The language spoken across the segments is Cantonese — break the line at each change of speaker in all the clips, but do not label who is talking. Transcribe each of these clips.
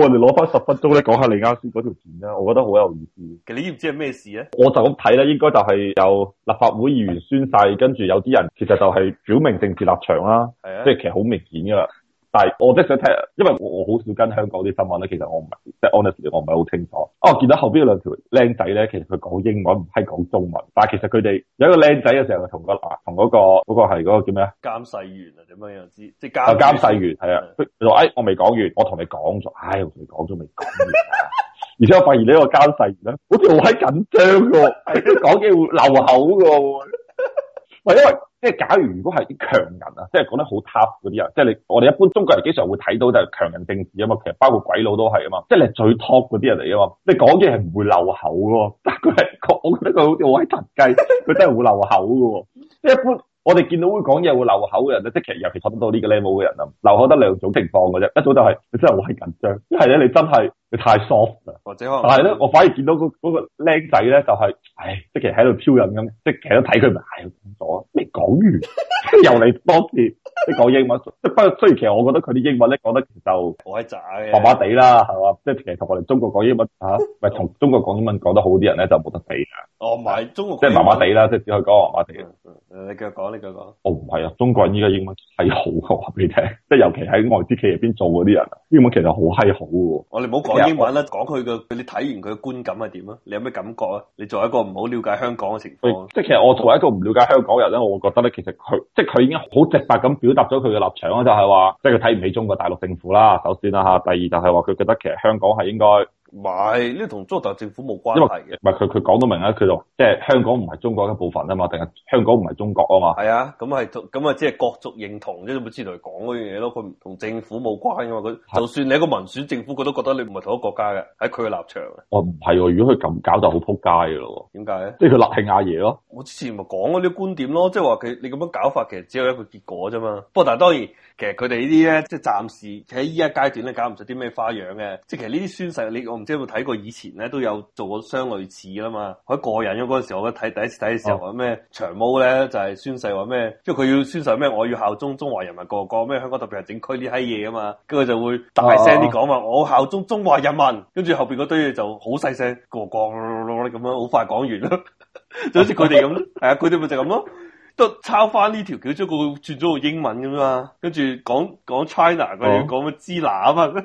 我哋攞翻十分鐘咧，講下你啱先嗰條片啦，我覺得好有意
思。其實你知唔知係咩事咧，我
就咁睇咧，應該就係有立法會議員宣誓，跟住有啲人其實就係表明政治立場啦，即係係啊其實好明顯噶啦。但係我即係想聽，因為我我好少跟香港啲新聞咧，其實我唔係即係，honestly 我唔係好清楚。哦，我見到後邊有兩條靚仔咧，其實佢講英文唔係講中文，但係其實佢哋有一個靚仔嘅時候，同、嗰個啊同嗰個嗰、嗰個係嗰、嗰個叫咩咧？
監誓員啊，點樣又知？即係監啊，監誓員係啊。
佢佢話：哎，我未講完，我同你講咗。唉、哎，我同你講咗未講完？ 而且我發現呢個監誓員咧，好似好閪緊張噶，講嘢會漏口噶。喂， 因為。即係假如如果係啲強人啊，即係講得好 top 嗰啲啊，即係你我哋一般中國人經常會睇到就係強人政治啊嘛，其實包括鬼佬都係啊嘛，即係你係最 top 嗰啲人嚟啊嘛，即你講嘢係唔會漏口嘅，但佢係我覺得佢好似好閪特雞，佢真係會漏口即嘅。 一般我哋見到會講嘢會漏口嘅人，即係其實尤其坐唔到呢個 level 嘅人啊，漏口得兩種情況嘅啫，一早就係、是、你真係好閪緊張，一係咧你真係。你太 soft 啦，或者，但係咧，我反而見到個嗰個僆仔咧，就係唉，即係喺度飄飲咁，即係喺度睇佢唔係咗未講完，又嚟多次即係講英文，不過雖然其實我覺得佢啲英文咧講得就
麻麻地啦，
係嘛？即係其實同我哋中國講英文嚇，唔同中國講英文講得好啲人咧就冇得比嘅。哦，唔係中國即係麻麻地啦，即係只可以講麻麻地。你繼續講，你繼續講。我唔係啊，中國人依家英文係好嘅話俾你聽，即係尤其喺外資企業邊做嗰啲人，英文其實好閪好嘅。我哋冇好講。英文
咧講佢嘅，你睇完，佢嘅觀感係點啊？你有咩感覺啊？你作為一個唔好了解香港嘅情況，即係其實
我作為一個唔了解香港人咧，我會覺得咧，其實佢即係佢已經好直白咁表達咗佢嘅立場啦，就係話即係佢睇唔起中國大陸政府啦。首先啦吓，第二就係話佢覺得其實香港係應該。唔係呢，同中國大政府冇關係嘅，唔係佢佢講到明啊，佢就即係香港唔係中國一部分啊嘛，定係香港唔係中國啊嘛？係
啊，咁係咁啊，即係各族認同，即係冇知道佢講嗰樣嘢咯。佢唔同政府冇關噶嘛，佢是就算你一個民主政府，佢都覺得你唔係同一國家嘅，喺佢嘅立場。
我唔係，如果佢咁搞就好扑街噶咯。
點解咧？即係佢立起阿爺咯。我之前咪講嗰啲觀點咯，即係話佢你咁樣搞法，其實只有一個結果啫嘛。不過但係當然，其實佢哋呢啲咧，即係暫時喺依一階段咧，搞唔出啲咩花樣嘅。即係其實呢啲宣誓，你即係我睇過以前咧都有做過相類似啦嘛，好過癮啊！嗰陣時我睇第一次睇嘅時候啊，咩長毛咧就係、是、宣誓話咩，即係佢要宣誓咩，我要效忠中華人民共和國咩，各個各個香港特別係整區呢啲嘢啊嘛，跟住就會大聲啲講話，啊、我效忠中華人民，跟住後邊嗰堆嘢就好細聲，國國咁樣，好快講完啦，就好似佢哋咁，係啊，佢哋咪就咁咯，都抄翻呢條橋，只不過轉咗個英文咁啊，跟住講講 China 佢哋講咩支那啊嘛。嗯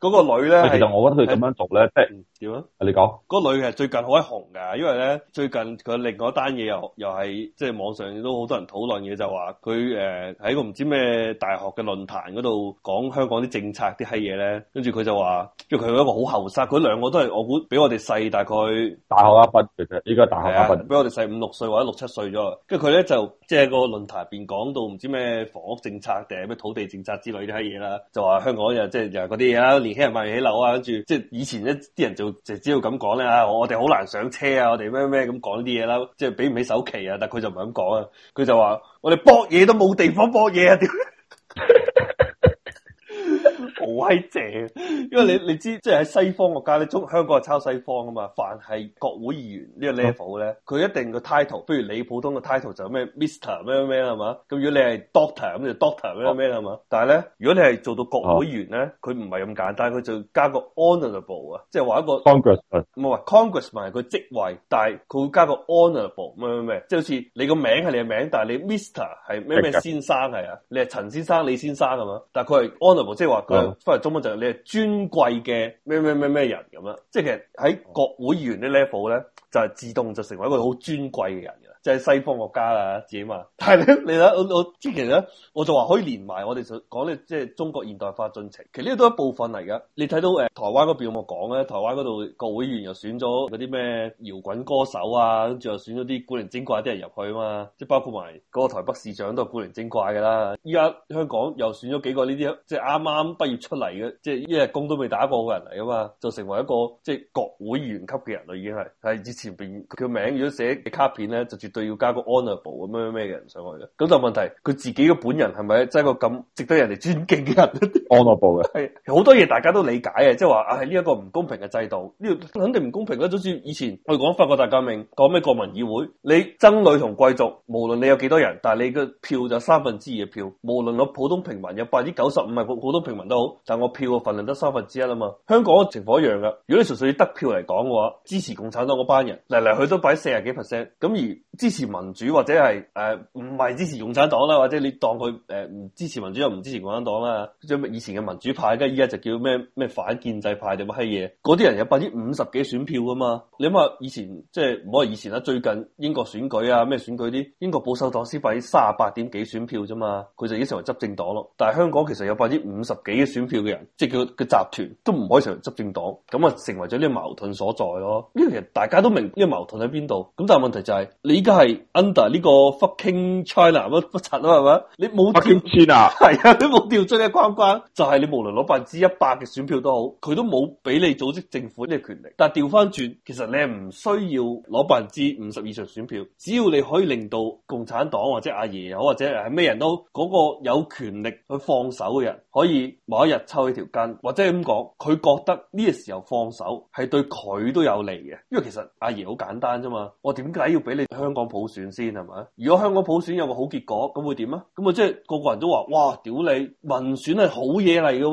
嗰個女
咧，其實我覺得佢咁樣做咧，即係點啊？你講嗰
個女係最近好閪紅噶，因為咧最近佢另外一單嘢又又係即係網上都好多人討論嘅，就話佢誒喺個唔知咩大學嘅論壇嗰度講香港啲政策啲閪嘢咧，跟住佢就話，因佢係一個好後生，佢兩個都係我估比我哋細大概
大學一、啊、班，其實呢個係大學一、啊、班，
比我哋細五六歲或者六七歲咗，跟住佢咧就即係、就是、個論壇入邊講到唔知咩房屋政策定係咩土地政策之類啲閪嘢啦，就話香港又即係又係嗰啲嘢啦。就是年輕人買唔起樓啊，跟住即係以前一啲人就就只要咁講咧啊，我哋好難上車啊，我哋咩咩咁講啲嘢啦，即係俾唔起首期啊，但佢就唔係咁講啊，佢就話我哋搏嘢都冇地方搏嘢啊，屌！ 好威正， 因為你你知，即係喺西方國家咧，中香港係抄西方啊嘛。凡係國會議員呢個 level 咧，佢、嗯、一定個 title，譬如你普通嘅 title 就咩 Mr 咩咩係嘛。咁如果你係 doctor 咁就 doctor 咩咩係嘛。嗯、但係咧，如果你係做到國會議員咧，佢唔係咁簡單，佢就加個 Honorable 啊，即係話一個
，Congressman，
唔係，Congressman 係個職位，但係佢會加個 Honorable 咩咩咩，即係好似你個名係你嘅名，但係你 Mr 係咩咩先生係啊，的你係陳先生、李先生係嘛。但係佢係 Honorable，即係話佢。翻嚟中文就係你係尊貴嘅咩咩咩咩人咁啦，即係其實喺國會員呢 level 咧，就係自動就成為一個好尊貴嘅人啦，就係西方國家啦自己嘛。但係咧，你睇我我之前咧，我就話可以連埋我哋講呢，即係中國現代化進程，其實呢個都一部分嚟㗎。你睇到誒台灣嗰邊我講咧，台灣嗰度國會員又選咗嗰啲咩搖滾歌手啊，跟住又選咗啲古靈精怪啲人入去啊嘛，即係包括埋嗰個台北市長都係古靈精怪㗎啦。依家香港又選咗幾個呢啲，即係啱啱畢業，出嚟嘅，即係一日工都未打過嘅人嚟啊嘛，就成為一個即係國會議員級嘅人嚟，已經係係以前邊佢嘅名，如果寫卡片咧，就絕對要加個 honorable 咁樣咩嘅人上去嘅。咁就係問題，佢自己嘅本人係咪真係一個咁值得人哋尊敬
嘅人？honorable 嘅係
好 多嘢，大家都理解啊，即係話啊，係呢一個唔公平嘅制度，呢、呢個肯定唔公平啦。總之以前我哋講法國大革命，講咩國民議會，你僧侶同貴族，無論你有幾多人，但係你嘅票就三分之二嘅票，無論我普通平民有百分之九十五係普普通平民都好。但我票嘅份量得三分之一啊嘛，香港嘅情況一樣噶。如果你純粹以得票嚟講嘅話，支持共產黨嗰班人嚟嚟去都擺四十幾 percent，咁而支持民主或者係誒唔係支持共產黨啦，或者你當佢誒唔支持民主又唔支持共產黨啦，即係以前嘅民主派，而家依家就叫咩咩反建制派定乜閪嘢，嗰啲人有百分之五十幾選票啊嘛。你諗下以前，即係唔好話以前啦，最近英國選舉啊咩選舉，啲英國保守黨先擺三十八點幾選票咋嘛，佢就已經成為執政黨咯。但係香港其實有百分之五,五十幾嘅選。票嘅人，即係佢嘅集團都唔可以成為執政黨，咁啊成為咗呢個矛盾所在咯。呢個其實大家都明呢個矛盾喺邊度，咁但係問題就係你依家係 under 呢個 fucking China 乜乜柒咯係嘛？你冇調轉啊係啊，你冇調轉嘅關關，就係、是、你無論攞百分之一百嘅選票都好，佢都冇俾你組織政府呢個權力。但係調翻轉，其實你係唔需要攞百分之五十以上選票，只要你可以令到共產黨或者阿爺，又或者係咩人都嗰個有權力去放手嘅人，可以某一日。抽起條筋，或者咁講，佢覺得呢個時候放手係對佢都有利嘅，因為其實阿爺好簡單啫嘛。我點解要俾你香港普選先係嘛？如果香港普選有個好結果，咁會點啊？咁啊，即係個個人都話哇，屌你民選係好嘢嚟嘅。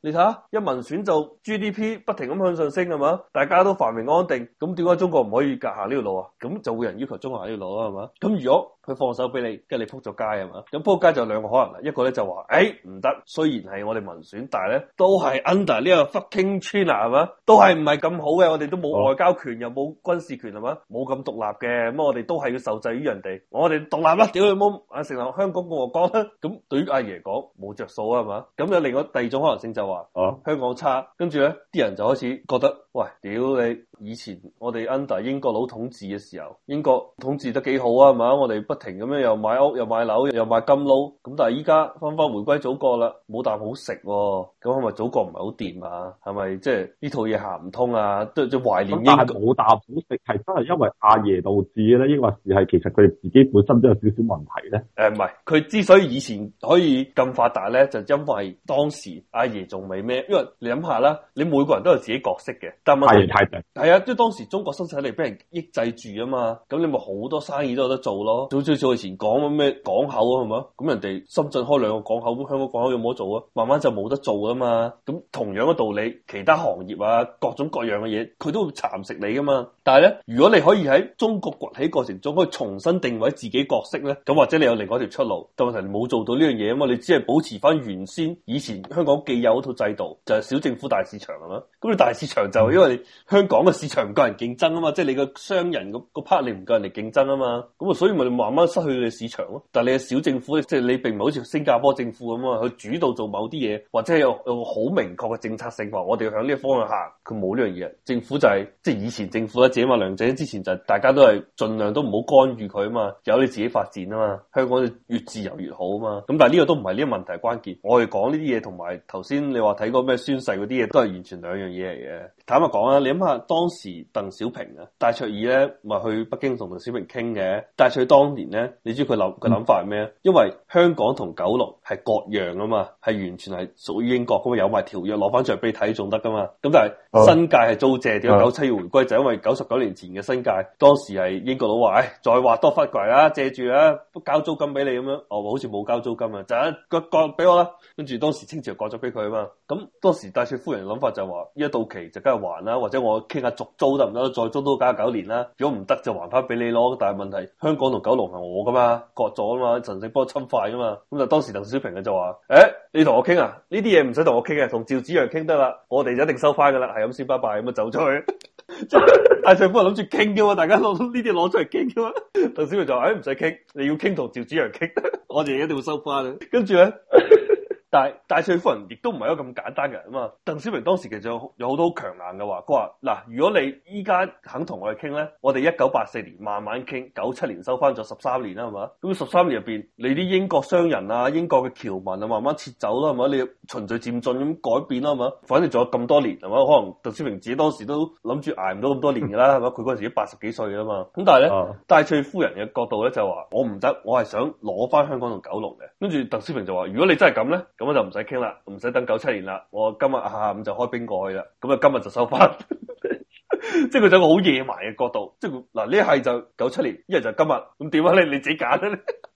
你睇下一民選就 GDP 不停咁向上升係嘛？大家都繁榮安定，咁點解中國唔可以行呢條路啊？咁就會有人要求中國行呢條路啦，係嘛？咁如果佢放手俾你，跟住你撲咗街係嘛？咁撲街就兩個可能啦，一個咧就話誒唔得，雖然係我哋民。選但係咧都係 under 呢個 fucking China 啊，係嘛，都係唔係咁好嘅。我哋都冇外交權，又冇軍事權，係嘛，冇咁獨立嘅。咁我哋都係要受制於人哋。我哋獨立啦，屌你冇阿成立香港共和國啦。咁 對於阿爺講冇着數啊，係嘛。咁又另外第二種可能性就話，是，啊、香港差，跟住咧啲人就開始覺得，喂，屌你。以前我哋 under 英國佬統治嘅時候，英國統治得幾好啊，係嘛？我哋不停咁樣又買屋、又買樓、又買金勞。咁但係依家翻返回歸祖國啦，冇啖好食喎。咁係咪祖國唔係好掂啊？係咪即係呢套嘢行唔通啊？都，
就懷念英國冇啖好食，係真係因為阿爺導致嘅咧，抑或是係其實佢哋自己本身都有少少問題咧？誒，唔係，
佢之所以以前可以咁發達咧，就因為當時阿爺仲未咩，因為你諗下啦，你每個人都有自己角色嘅，但問題係啊，即係當時中國生產力俾人抑制住啊嘛，咁你咪好多生意都有得做咯。早少少以前講咩港口啊，係咪啊？咁人哋深圳開兩個港口，香港港口有冇得做啊？慢慢就冇得做啊嘛。咁同樣嘅道理，其他行業啊，各種各樣嘅嘢，佢都會蠶食你噶嘛。但係咧，如果你可以喺中國崛起過程中，可以重新定位自己角色咧，咁或者你有另外一條出路。但係冇做到呢樣嘢啊嘛，你只係保持翻原先以前香港既有嗰套制度，就係、是、小政府大市場啊嘛。咁你大市場就因為你香港嘅。市場唔夠人競爭啊嘛，即係你個商人個 partner 你唔夠人嚟競爭啊嘛，咁啊所以咪慢慢失去你市場咯。但係你嘅小政府即係你並唔係好似新加坡政府咁啊，佢主導做某啲嘢，或者有有好明確嘅政策性話「我哋要向呢個方向行」。佢冇呢樣嘢。政府就係即係以前政府自己嘛，梁振英之前就係大家都係盡量都唔好干預佢啊嘛，由你自己發展啊嘛。香港就越自由越好啊嘛。咁但係呢個都唔係呢個問題關鍵。我哋講呢啲嘢同埋頭先你話睇過咩宣誓嗰啲嘢都係完全兩樣嘢嚟嘅。坦白講啊，你諗下當。當時鄧小平啊，戴卓爾咧，咪去北京同鄧小平傾嘅。戴卓爾當年咧，你知佢諗佢諗法係咩？因為香港同九龍係割讓啊嘛，係完全係屬於英國咁啊，有埋條約攞翻出嚟俾你睇仲得噶嘛。咁但係新界係租借，點解九七要回歸？啊、就因為九十九年前嘅新界，當時係英國佬話，誒、哎，再劃多忽地啦，借住啦、啊，交租金俾你咁樣。我、哦、話好似冇交租金啊，就割割俾我啦。跟住當時清朝割咗俾佢啊嘛。咁當時戴卓夫人諗法就話、是，依家到期就梗係還啦，或者我傾下。續租得唔得？再租都加九年啦。如果唔得就還翻俾你囉。但係問題香港同九龍係我噶嘛，割咗啊嘛，陳世波侵犯噶嘛。咁就當時鄧小平就話：誒、欸，你同我傾啊？呢啲嘢唔使同我傾啊，同趙子陽傾得啦。我哋就一定收翻噶啦。係咁先，拜拜咁啊，走出去。戴卓爾夫人諗住傾嘅嘛，大家攞呢啲攞出嚟傾嘅嘛。鄧小平就話：誒、欸，唔使傾，你要傾同趙子陽傾， 我哋一定要收翻嘅。跟住咧，但係戴卓爾夫人亦都唔係一個咁簡單嘅人啊嘛！鄧小平當時其實有好多好強硬嘅話，佢話嗱，如果你依家肯同我哋傾咧，我哋一九八四年慢慢傾，九七年收翻咗十三年啦，係嘛？咁十三年入邊，你啲英國商人啊、英國嘅僑民啊，慢慢撤走啦，係嘛？你循序漸進咁改變啦，係嘛？反正做咗咁多年，係嘛？可能鄧小平自己當時都諗住挨唔到咁多年噶啦，係嘛？佢嗰陣時都八十幾歲啦嘛。咁但係咧，戴卓爾夫人嘅角度咧就話我唔得，我係想攞翻香港同九龍嘅。跟住鄧小平就話如果你真係咁咧，咁我就唔使傾啦，唔使等九七年啦，我今日下午就開兵過去啦，咁啊今日就收翻，即係佢就個好野蠻嘅角度，即係嗱呢，一係就九七年，一係就今日，咁點解你你自己揀啦。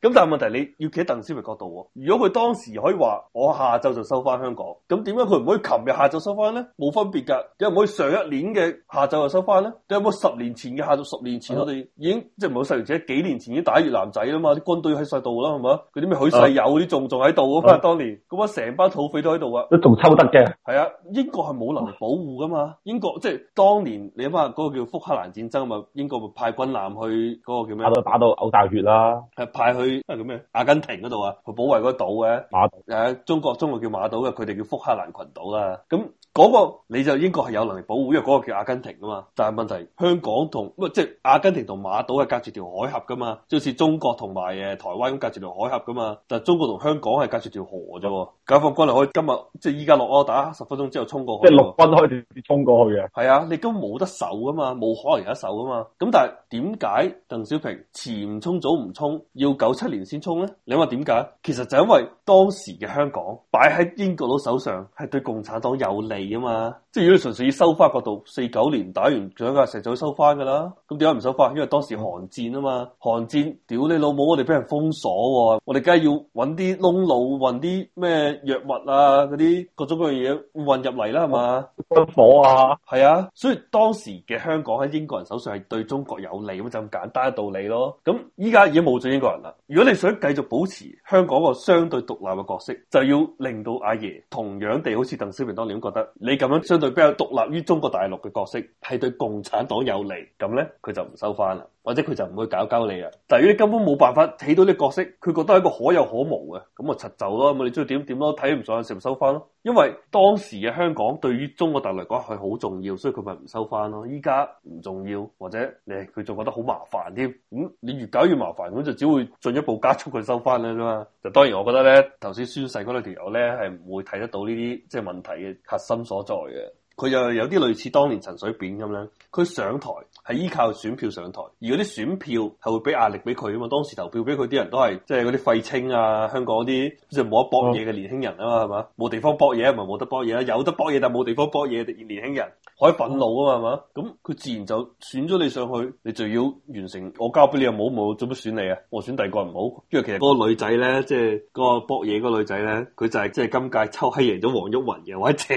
咁但係問題你要企喺鄧小平角度喎，哦，如果佢當時可以話我下晝就收翻香港，咁點解佢唔可以琴日下晝收翻咧？冇分別㗎，有冇可以上一年嘅下晝就收翻咧？有冇十年前嘅下晝？十年前我哋已經、嗯、即係唔係十年前？幾年前已經打越南仔啦嘛，啲軍隊喺曬度啦，係嘛？嗰啲咩許世友啲仲仲喺度啊？嗰陣、嗯嗯、當年，嗰班成班土匪都喺度啊，都仲抽得嘅。係啊，英國係冇能力保護㗎嘛？ 英國即係當年你諗下嗰個叫福克蘭戰爭啊嘛，英國咪派軍艦去嗰個叫咩打到嘔大血啦，係派去。係咁、啊、阿根廷嗰度馬啊，佢保衛嗰個島嘅，馬島，誒，中國中國叫馬島嘅，佢哋叫福克蘭群島啦，咁。嗰、那個你就英國係有能力保護，因為嗰個叫阿根廷啊嘛。但係問題香港同即係阿根廷同馬島係隔住條海峽噶嘛，就好、是、似中國同埋嘅台灣咁隔住條海峽噶嘛。但係中國同香港係隔住條河啫喎。解放軍係可以今日即係依家落柯打，但十分鐘之後衝過去，即係陸軍
開住衝過去嘅。
係啊，你都冇得守噶嘛，冇可能有一守噶嘛。咁但係點解鄧小平遲唔衝早唔衝，要九七年先衝咧？你話點解？其實就因為當時嘅香港擺喺英國佬手上係對共產黨有利。啊嘛，即係如果純粹以收返角度，四九年打完仗就，仲有一個成早收返㗎啦。咁點解唔收返？因為當時韓戰啊嘛，韓戰，屌你老母，我哋俾人封鎖、哦，我哋梗係要揾啲窿路運啲咩藥物啊，嗰啲各種各樣嘢運入嚟啦，係嘛？火啊，係啊。所以當時嘅香港喺英國人手上係對中國有利，咁就咁簡單嘅道理咯。咁依家已經冇咗英國人啦。如果你想繼續保持香港個相對獨立嘅角色，就要令到阿爺同樣地，好似鄧小平當年都覺得。你咁樣相對比較獨立於中國大陸嘅角色，係對共產黨有利，咁咧，佢就唔收翻啦。或者佢就唔會搞搞你啊，但如果你根本冇辦法起到呢個角色，佢覺得係一個可有可無嘅，咁啊，柒就咯，咁你中意點點咯，睇唔上嘅時咪收翻咯。因為當時嘅香港對於中國大陸嚟講係好重要，所以佢咪唔收翻咯。依家唔重要，或者誒，佢仲覺得好麻煩添。嗯，你越搞越麻煩，咁就只會進一步加速佢收翻啦啫嘛。就當然，我覺得咧，頭先宣誓嗰兩條友咧係唔會睇得到呢啲即係問題嘅核心所在嘅。佢又有啲類似當年陳水扁咁樣，佢上台係依靠選票上台，而嗰啲選票係會俾壓力俾佢啊嘛。當時投票俾佢啲人都係即係嗰啲廢青啊，香港啲即係冇得搏嘢嘅年輕人啊嘛，係嘛冇地方搏嘢，咪冇得搏嘢啦，有得搏嘢但係冇地方搏嘢年輕人，好憤怒啊嘛，係嘛咁佢自然就選咗你上去，你就要完成我交俾你又冇，冇，做乜選你啊？我選第二個唔好，因為其實嗰個女仔咧，即係嗰個搏嘢嗰個女仔咧，佢就係即係今屆抽閪贏咗黃毓民嘅，或者正。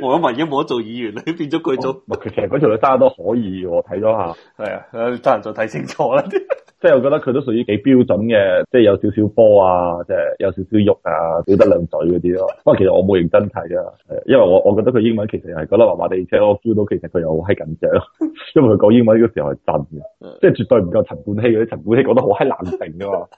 我萬 一冇得做議員，你變咗佢
做？其實嗰條女生都可以，我睇咗下係啊。得閒、 哎、再睇清楚啦。 即係我覺得佢都屬於幾標準嘅，即係有少少波啊，即、就、係、是、有少少肉啊，少得兩嘴嗰啲咯。不過其實我冇認真睇啊，因為我我覺得佢英文其實係做得麻麻地，而且我 feel 到其實佢又好閪緊張，因為佢講英文呢個時候係震嘅， 即係絕對唔夠陳冠希嗰啲。陳冠希講得好閪淡定噶嘛。